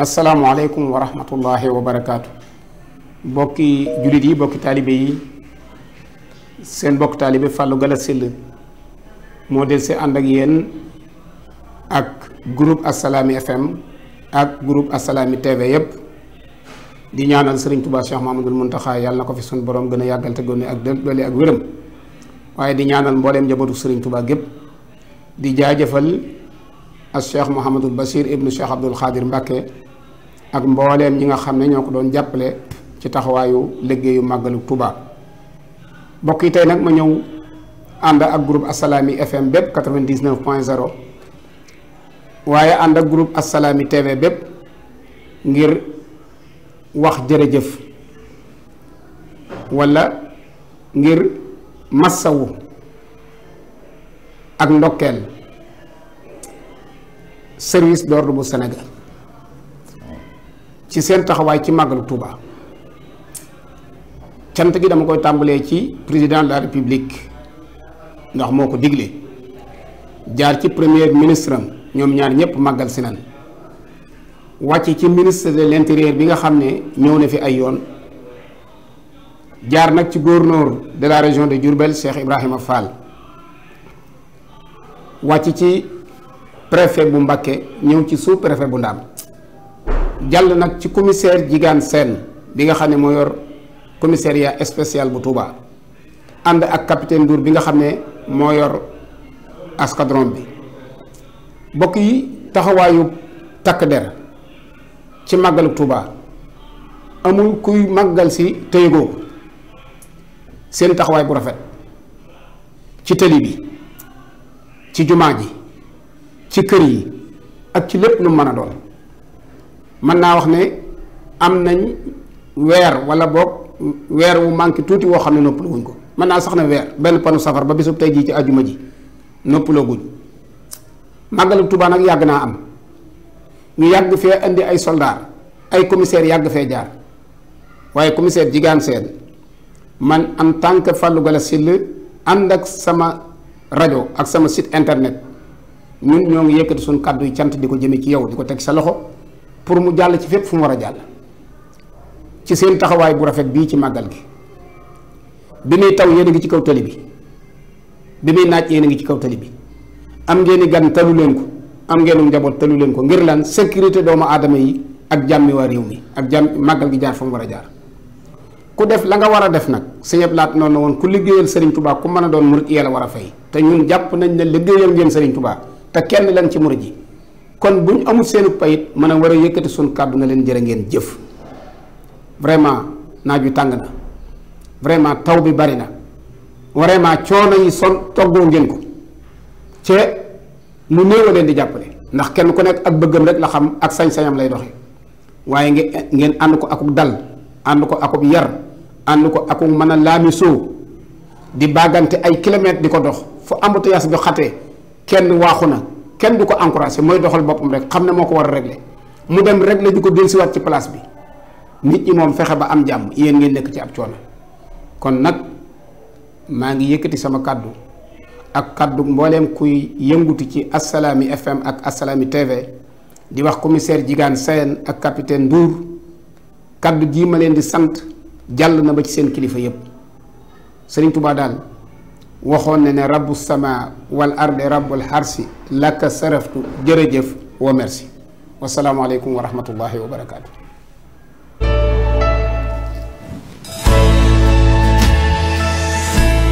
asalaamualeykum wa rahmatullahi wa barakaatu bokki jullit yi bokki taalibe yi seen bokk taalibe Fallou Galass Syll moo del si ànd ak yéen ak groupe Assalaamy FM ak groupe Assalaamy TV yépp di ñaanal Serigne Touba Cheikh mun Mountakha yàlla na ko fi suñ borom gën a yàggal te ak dolli ak wéram waaye di ñaanal mbooleem njabootu sëriñ tubaa gépp di jaajëfal ak cheikh Mouhamadul Bachir ibnu cheikh Abdoul Khadir Mbacke ak mbooleem ñi nga xam ne ñoo ko doon jàppale ci taxawaayu liggéeyu màggalu Touba mbokk yi nag ma ñëw ànd ak groupe Assalaamy FM bépp 99 point 0 waaye ànd ak groupe Assalaamy TV bépp ngir wax jërëjëf wala ngir massawu. ak ndokkeel service d'ordre bu Sénégal ci seen taxawaay ci màggalu Touba cante gi dama koy tàmbalee ci président de la république ndax moo ko digle jaar ci premier ministre am ñoom ñaar ñëpp màggal si nan wàcc ci ministre de l'intérieur bi nga xam ne ñëw ne fi ay yoon jaar nag ci gouverneur de la région de Diourbel Cheikh Ibrahima Fall wàcc ci préfet bu Mbacké ñëw ci sous préfet bu Ndaam jàll nag ci commissaire Jigane seen bi nga xam ne moo yor commissariat spécial bu Touba ànd ak capitaine Ndour bi nga xam ne moo yor escadron bi mbokk yi taxawaayu takk der ci màggalu Touba amul kuy màggal si téyegoo seen taxawaay bu rafet ci tëli bi ci jumaa ji ci kër yi ak ci lépp lu mën a doon mën naa wax ne am nañ weer wala boog weer wu manqué tuuti woo xam ne noppaloo guñ ko mën naa sax na weer benn panu safar ba bisub tey jii ci àjjuma ji noppaloo guñ màggalu Tuubaa nag yàgg naa am ñu yàgg fee indi ay soldaar ay commissaire yàgg fee jaar waaye commissaire jigaan seen man en tant que Fallou Galass Syll ànd ak sama rajo ak sama site internet ñun ñoo ngi yëkkati suñu kàddu yi cant di ko jëme ci yow di ko teg sa loxo pour mu jàll ci fépp fu mu war a jàll ci seen taxawaay bu rafet bii ci màggal gi bi muy taw yéen a ngi ci kaw tali bi bi muy naaj yéen a ngi ci kaw tali bi am ngeen ni gan talu leen ko am ngeen ngeenum njaboot tëlu leen ko ngir lan sécurité doomu aadama yi ak jàmmi waa réew mi ak jàmm màggal gi jaar fa mu war a jaar ku def la nga war a def nag sëñ laa Lahad noonu woon ku liggéeyal Serigne Touba ku mën a doon murit yee la war a fay te ñun jàpp nañ ne liggéeyal ngeen Serigne Touba te kenn lan ci murit yi kon bu ñu amul seenu payit mën a war a yëkkati suñu kàddu na leen jërë ngeen jëf vraiment naaj wi tàng na vraiment taw bi bari na vraiment coono yi son toggoo ngeen ko ce mu néew leen di jàppale ndax kenn ku nekk ak bëggam rek la xam ak sañ-sañam lay doxe waaye ngeen ànd ko akub dal ànd ko akub yar ànd ko ak mën a laami soo di bàggante ay kilomètres di ko dox fu embouteillage bi xatee kenn waaxu kenn du ko encouragé mooy doxal boppam rek xam ne moo ko war a régler mu dem régler di ko dellusiwaat ci place bi nit ñi moom fexe ba am jàmm yéen ngeen nekk ci ab coono kon nag maa ngi yëkkati sama kàddu ak kàddu mbooleem kuy yëngutu ci Assalaamy FM ak Assalaamy TV di wax commissaire Diegane Sène ak capitaine Ndour kàddu jii ma leen di sant jàll na ba ci seen kilifa yépp sëriñ tubaa daal waxoon na ne rabbu sama wal ardi rabbul xarsi lakk saraftu jërëjëf wa merci wasalaamualeykum wa rahmatullahi wa barakaatu.